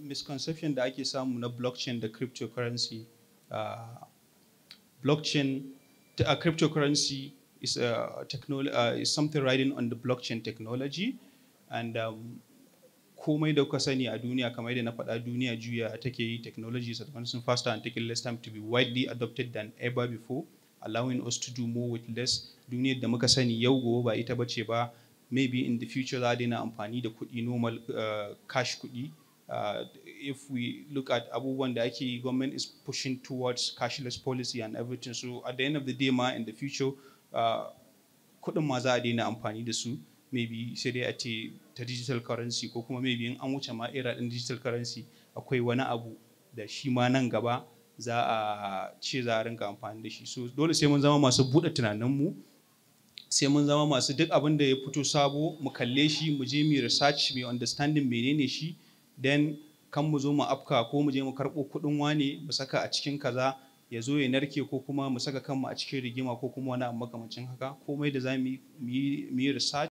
misconception da ake samu na blockchain da cryptocurrency uh, blockchain a cryptocurrency is, a uh, is something riding on the blockchain technology and um, komai da kuka sani a duniya kamar yadda na faɗa duniya juya take yi technology is advancing faster and taking less time to be widely adopted than ever before allowing us to do more with less duniyar da muka sani yau gobe ba ita bace ba maybe in the future za a daina amfani da kuɗi normal uh, cash kuɗi Uh, if we look at abubuwan da ake government is pushing towards cashless policy and everything so at the end of the day ma in the future uh, kuɗin ma za a daina amfani da su maybe sai dai a ce ta digital currency ko kuma maybe in an wuce ma era din digital currency akwai wani abu da shi ma nan gaba za a ce za a rinka amfani da shi so dole sai mun zama masu buɗe tunaninmu sai mun zama masu duk abin da ya fito sabo mu kalle shi mu je mu research mu understanding menene shi dan kan mu zo mu afka ko mu je mu karɓo kuɗin wane mu saka a cikin kaza ya zo ya narke ko kuma mu saka kanmu a cikin rigima ko kuma wani abu makamancin haka komai da za mu yi research